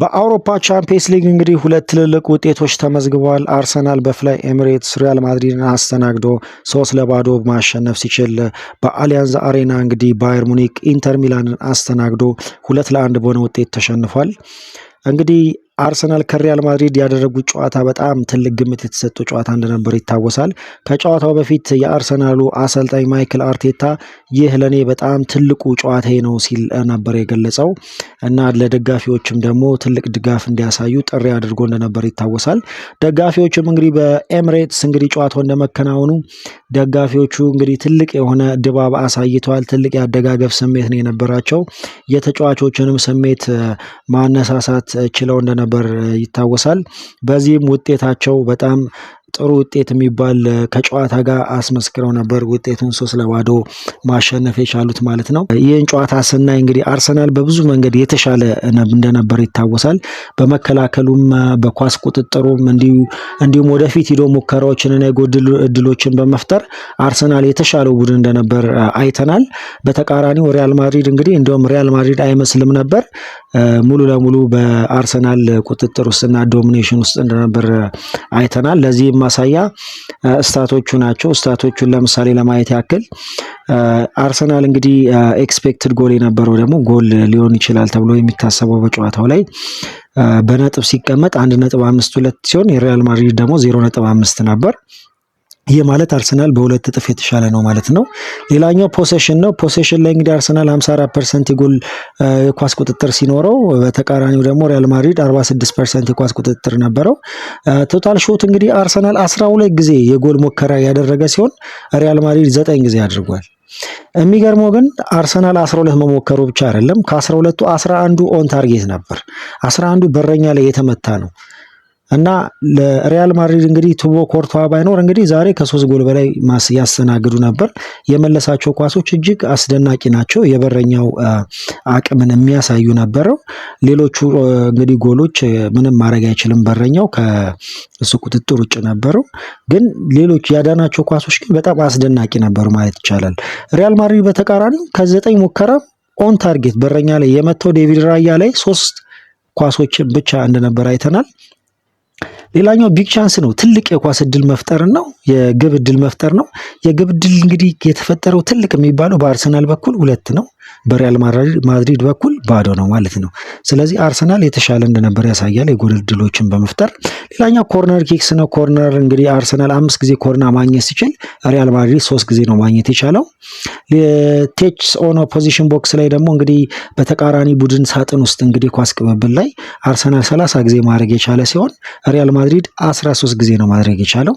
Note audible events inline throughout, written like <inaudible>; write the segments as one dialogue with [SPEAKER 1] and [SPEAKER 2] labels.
[SPEAKER 1] በአውሮፓ ቻምፒየንስ ሊግ እንግዲህ ሁለት ትልልቅ ውጤቶች ተመዝግበዋል። አርሰናል በፍላይ ኤምሬትስ ሪያል ማድሪድን አስተናግዶ ሶስት ለባዶ ማሸነፍ ሲችል በአሊያንዝ አሬና እንግዲህ ባየር ሙኒክ ኢንተር ሚላንን አስተናግዶ ሁለት ለአንድ በሆነ ውጤት ተሸንፏል። እንግዲህ አርሰናል ከሪያል ማድሪድ ያደረጉት ጨዋታ በጣም ትልቅ ግምት የተሰጠው ጨዋታ እንደነበር ይታወሳል። ከጨዋታው በፊት የአርሰናሉ አሰልጣኝ ማይክል አርቴታ ይህ ለእኔ በጣም ትልቁ ጨዋታዬ ነው ሲል ነበር የገለጸው እና ለደጋፊዎችም ደግሞ ትልቅ ድጋፍ እንዲያሳዩ ጥሪ አድርጎ እንደነበር ይታወሳል። ደጋፊዎችም እንግዲህ በኤምሬትስ እንግዲህ ጨዋታው እንደመከናወኑ ደጋፊዎቹ እንግዲህ ትልቅ የሆነ ድባብ አሳይተዋል። ትልቅ የአደጋገፍ ስሜት ነው የነበራቸው። የተጫዋቾችንም ስሜት ማነሳሳት ችለው እንደነበ እንደነበር ይታወሳል። በዚህም ውጤታቸው በጣም ጥሩ ውጤት የሚባል ከጨዋታ ጋር አስመስክረው ነበር ውጤቱን ሶስት ለባዶ ማሸነፍ የቻሉት ማለት ነው። ይህን ጨዋታ ስናይ እንግዲህ አርሰናል በብዙ መንገድ የተሻለ እንደነበር ይታወሳል። በመከላከሉም በኳስ ቁጥጥሩም እንዲሁም ወደፊት ሂዶ ሙከራዎችንና የጎድል እድሎችን በመፍጠር አርሰናል የተሻለው ቡድን እንደነበር አይተናል። በተቃራኒው ሪያል ማድሪድ እንግዲህ እንዲሁም ሪያል ማድሪድ አይመስልም ነበር ሙሉ ለሙሉ በአርሰናል ቁጥጥር ውስጥና ዶሚኔሽን ውስጥ እንደነበር አይተናል። ለዚህም ማሳያ ስታቶቹ ናቸው። ስታቶቹን ለምሳሌ ለማየት ያክል አርሰናል እንግዲህ ኤክስፔክትድ ጎል የነበረው ደግሞ ጎል ሊሆን ይችላል ተብሎ የሚታሰበው በጨዋታው ላይ በነጥብ ሲቀመጥ አንድ ነጥብ አምስት ሁለት ሲሆን የሪያል ማድሪድ ደግሞ ዜሮ ነጥብ አምስት ነበር። ይህ ማለት አርሰናል በሁለት እጥፍ የተሻለ ነው ማለት ነው። ሌላኛው ፖሴሽን ነው። ፖሴሽን ላይ እንግዲህ አርሰናል 54 ፐርሰንት የጎል የኳስ ቁጥጥር ሲኖረው በተቃራኒው ደግሞ ሪያል ማድሪድ 46 ፐርሰንት የኳስ ቁጥጥር ነበረው። ቶታል ሾት እንግዲህ አርሰናል 12 ጊዜ የጎል ሙከራ ያደረገ ሲሆን ሪያል ማድሪድ 9 ጊዜ አድርጓል። የሚገርመው ግን አርሰናል 12 መሞከሩ ብቻ አይደለም፣ ከ12ቱ 11ዱ ኦን ታርጌት ነበር። 11ዱ በረኛ ላይ የተመታ ነው። እና ለሪያል ማድሪድ እንግዲህ ቱቦ ኮርቷ ባይኖር እንግዲህ ዛሬ ከሶስት ጎል በላይ ያስተናግዱ ነበር። የመለሳቸው ኳሶች እጅግ አስደናቂ ናቸው። የበረኛው አቅምን የሚያሳዩ ነበረው። ሌሎቹ እንግዲህ ጎሎች ምንም ማድረግ አይችልም። በረኛው ከእሱ ቁጥጥር ውጭ ነበረው። ግን ሌሎች ያዳናቸው ኳሶች ግን በጣም አስደናቂ ነበሩ ማለት ይቻላል። ሪያል ማድሪድ በተቃራኒ ከዘጠኝ ሙከራ ኦን ታርጌት በረኛ ላይ የመታው ዴቪድ ራያ ላይ ሶስት ኳሶችን ብቻ እንደነበር አይተናል። ሌላኛው ቢግ ቻንስ ነው። ትልቅ የኳስ እድል መፍጠር ነው፣ የግብ እድል መፍጠር ነው። የግብ እድል እንግዲህ የተፈጠረው ትልቅ የሚባለው በአርሰናል በኩል ሁለት ነው። በሪያል ማድሪድ በኩል ባዶ ነው ማለት ነው። ስለዚህ አርሰናል የተሻለ እንደነበር ያሳያል የጎል እድሎችን በመፍጠር ሌላኛው ኮርነር ኪክስ ነው። ኮርነር እንግዲህ አርሰናል አምስት ጊዜ ኮርና ማግኘት ሲችል ሪያል ማድሪድ ሶስት ጊዜ ነው ማግኘት የቻለው። ቴችስ ኦን ኦፖዚሽን ቦክስ ላይ ደግሞ እንግዲህ በተቃራኒ ቡድን ሳጥን ውስጥ እንግዲህ ኳስ ቅብብል ላይ አርሰናል ሰላሳ ጊዜ ማድረግ የቻለ ሲሆን ሪያል ማድሪድ አስራ ሶስት ጊዜ ነው ማድረግ የቻለው።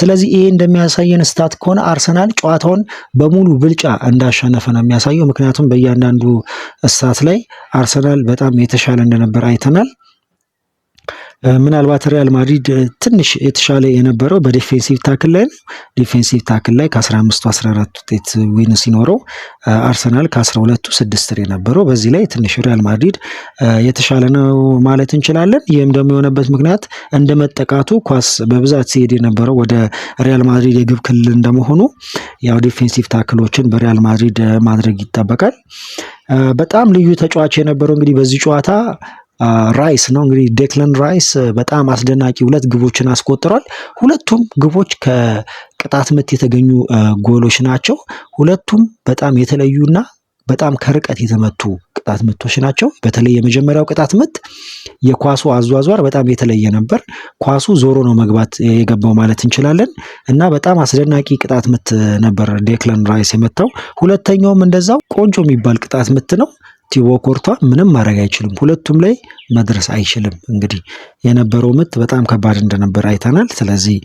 [SPEAKER 1] ስለዚህ ይሄ እንደሚያሳየን ስታት ከሆነ አርሰናል ጨዋታውን በሙሉ ብልጫ እንዳሸነፈ ነው የሚያሳየው ምክንያቱም በእያንዳንዱ እሳት ላይ አርሰናል በጣም የተሻለ እንደነበር አይተናል። ምናልባት ሪያል ማድሪድ ትንሽ የተሻለ የነበረው በዲፌንሲቭ ታክል ላይ ነው። ዲፌንሲቭ ታክል ላይ ከ15ቱ 14 ውጤት ዊን ሲኖረው አርሰናል ከ12ቱ ስድስት የነበረው በዚህ ላይ ትንሽ ሪያል ማድሪድ የተሻለ ነው ማለት እንችላለን። ይህም ደግሞ የሆነበት ምክንያት እንደ መጠቃቱ ኳስ በብዛት ሲሄድ የነበረው ወደ ሪያል ማድሪድ የግብ ክልል እንደመሆኑ ያው ዲፌንሲቭ ታክሎችን በሪያል ማድሪድ ማድረግ ይጠበቃል። በጣም ልዩ ተጫዋች የነበረው እንግዲህ በዚህ ጨዋታ ራይስ ነው እንግዲህ ዴክለን ራይስ በጣም አስደናቂ ሁለት ግቦችን አስቆጥሯል። ሁለቱም ግቦች ከቅጣት ምት የተገኙ ጎሎች ናቸው። ሁለቱም በጣም የተለዩና በጣም ከርቀት የተመቱ ቅጣት ምቶች ናቸው። በተለይ የመጀመሪያው ቅጣት ምት የኳሱ አዟዟር በጣም የተለየ ነበር። ኳሱ ዞሮ ነው መግባት የገባው ማለት እንችላለን እና በጣም አስደናቂ ቅጣት ምት ነበር ዴክለን ራይስ የመታው። ሁለተኛውም እንደዛው ቆንጆ የሚባል ቅጣት ምት ነው። ቲቦ ኮርቷን ምንም ማድረግ አይችልም። ሁለቱም ላይ መድረስ አይችልም። እንግዲህ የነበረው ምት በጣም ከባድ እንደነበር አይተናል። ስለዚህ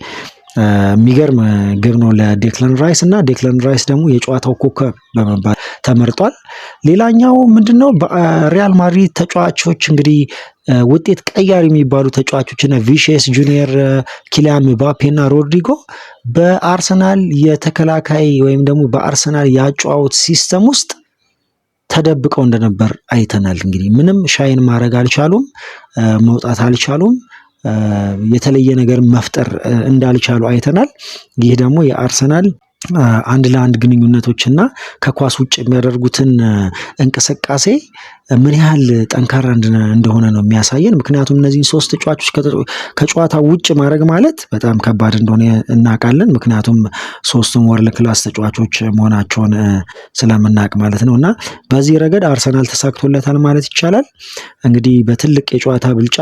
[SPEAKER 1] የሚገርም ግብ ነው ለዴክለን ራይስ እና ዴክለን ራይስ ደግሞ የጨዋታው ኮከብ በመባል ተመርጧል። ሌላኛው ምንድን ነው? በሪያል ማድሪድ ተጫዋቾች እንግዲህ ውጤት ቀያሪ የሚባሉ ተጫዋቾችና ቪሼስ ጁኒየር፣ ኪሊያን ምባፔ እና ሮድሪጎ በአርሰናል የተከላካይ ወይም ደግሞ በአርሰናል የአጨዋወት ሲስተም ውስጥ ተደብቀው እንደነበር አይተናል። እንግዲህ ምንም ሻይን ማድረግ አልቻሉም፣ መውጣት አልቻሉም፣ የተለየ ነገር መፍጠር እንዳልቻሉ አይተናል። ይህ ደግሞ የአርሰናል አንድ ለአንድ ግንኙነቶችና ከኳስ ውጭ የሚያደርጉትን እንቅስቃሴ ምን ያህል ጠንካራ እንደሆነ ነው የሚያሳየን። ምክንያቱም እነዚህን ሶስት ተጫዋቾች ከጨዋታ ውጭ ማድረግ ማለት በጣም ከባድ እንደሆነ እናውቃለን። ምክንያቱም ሶስቱም ወርልድ ክላስ ተጫዋቾች መሆናቸውን ስለምናውቅ ማለት ነው እና በዚህ ረገድ አርሰናል ተሳክቶለታል ማለት ይቻላል። እንግዲህ በትልቅ የጨዋታ ብልጫ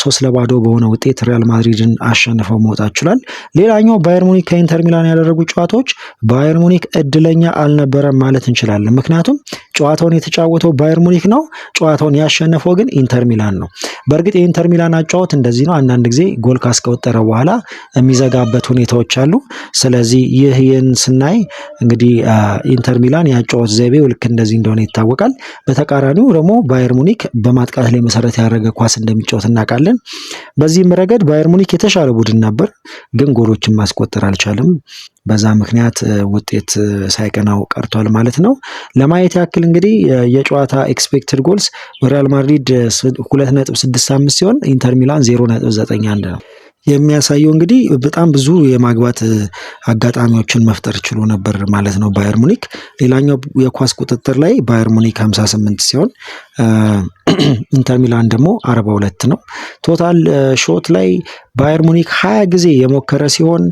[SPEAKER 1] ሶስት ለባዶ በሆነ ውጤት ሪያል ማድሪድን አሸንፈው መውጣት ችሏል። ሌላኛው ባየር ሙኒክ ከኢንተር ሚላን ያደረጉ ጨዋታዎች ባየር ሙኒክ እድለኛ አልነበረም ማለት እንችላለን። ምክንያቱም ጨዋታውን የተጫወተው ባየር ሙኒክ ነው። ጨዋታውን ያሸነፈው ግን ኢንተር ሚላን ነው። በእርግጥ የኢንተር ሚላን አጫወት እንደዚህ ነው። አንዳንድ ጊዜ ጎል ካስቆጠረ በኋላ የሚዘጋበት ሁኔታዎች አሉ። ስለዚህ ይህ ይህን ስናይ እንግዲህ ኢንተር ሚላን የአጫወት ዘይቤው ልክ እንደዚህ እንደሆነ ይታወቃል። በተቃራኒው ደግሞ ባየር ሙኒክ በማጥቃት ላይ መሰረት ያደረገ ኳስ እንደሚጫወት እናውቃለን። በዚህም ረገድ ባየር ሙኒክ የተሻለ ቡድን ነበር፣ ግን ጎሎችን ማስቆጠር አልቻለም። በዛ ምክንያት ውጤት ሳይቀናው ቀርቷል ማለት ነው። ለማየት ያክል እንግዲህ የጨዋታ ኤክስፔክትድ ጎልስ በሪያል ማድሪድ 2.65 ሲሆን ኢንተር ሚላን 0.91 ነው። የሚያሳየው እንግዲህ በጣም ብዙ የማግባት አጋጣሚዎችን መፍጠር ችሎ ነበር ማለት ነው ባየር ሙኒክ። ሌላኛው የኳስ ቁጥጥር ላይ ባየር ሙኒክ 58 ሲሆን <clears throat> ኢንተር ሚላን ደግሞ አርባ ሁለት ነው። ቶታል ሾት ላይ ባየር ሙኒክ ሀያ ጊዜ የሞከረ ሲሆን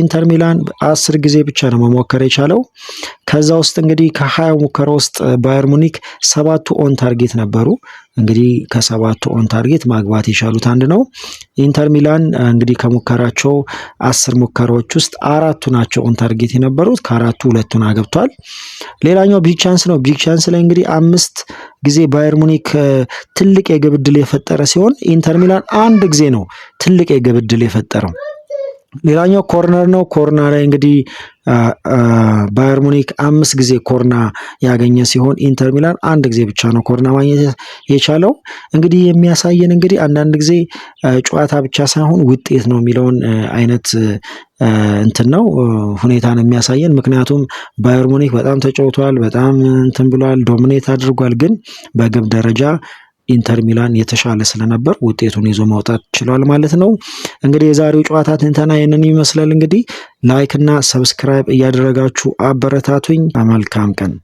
[SPEAKER 1] ኢንተር ሚላን አስር ጊዜ ብቻ ነው መሞከር የቻለው። ከዛ ውስጥ እንግዲህ ከሀያው ሙከራ ውስጥ ባየር ሙኒክ ሰባቱ ኦን ታርጌት ነበሩ። እንግዲህ ከሰባቱ ኦን ታርጌት ማግባት የቻሉት አንድ ነው። ኢንተር ሚላን እንግዲህ ከሙከራቸው አስር ሙከራዎች ውስጥ አራቱ ናቸው ኦን ታርጌት የነበሩት፣ ከአራቱ ሁለቱን አገብቷል። ሌላኛው ቢግ ቻንስ ነው። ቢግ ቻንስ ላይ እንግዲህ አምስት ጊዜ ባየር ሙኒክ ትልቅ የግብ ዕድል የፈጠረ ሲሆን ኢንተር ሚላን አንድ ጊዜ ነው ትልቅ የግብ ዕድል የፈጠረው። ሌላኛው ኮርነር ነው። ኮርና ላይ እንግዲህ ባየር ሙኒክ አምስት ጊዜ ኮርና ያገኘ ሲሆን ኢንተር ሚላን አንድ ጊዜ ብቻ ነው ኮርና ማግኘት የቻለው። እንግዲህ የሚያሳየን እንግዲህ አንዳንድ ጊዜ ጨዋታ ብቻ ሳይሆን ውጤት ነው የሚለውን አይነት እንትን ነው ሁኔታን የሚያሳየን። ምክንያቱም ባየር ሙኒክ በጣም ተጫውቷል፣ በጣም እንትን ብሏል፣ ዶሚኔት አድርጓል። ግን በግብ ደረጃ ኢንተር ሚላን የተሻለ ስለነበር ውጤቱን ይዞ ማውጣት ችሏል ማለት ነው። እንግዲህ የዛሬው ጨዋታ ትንተና ይህንን ይመስላል። እንግዲህ ላይክ እና ሰብስክራይብ እያደረጋችሁ አበረታቱኝ። መልካም ቀን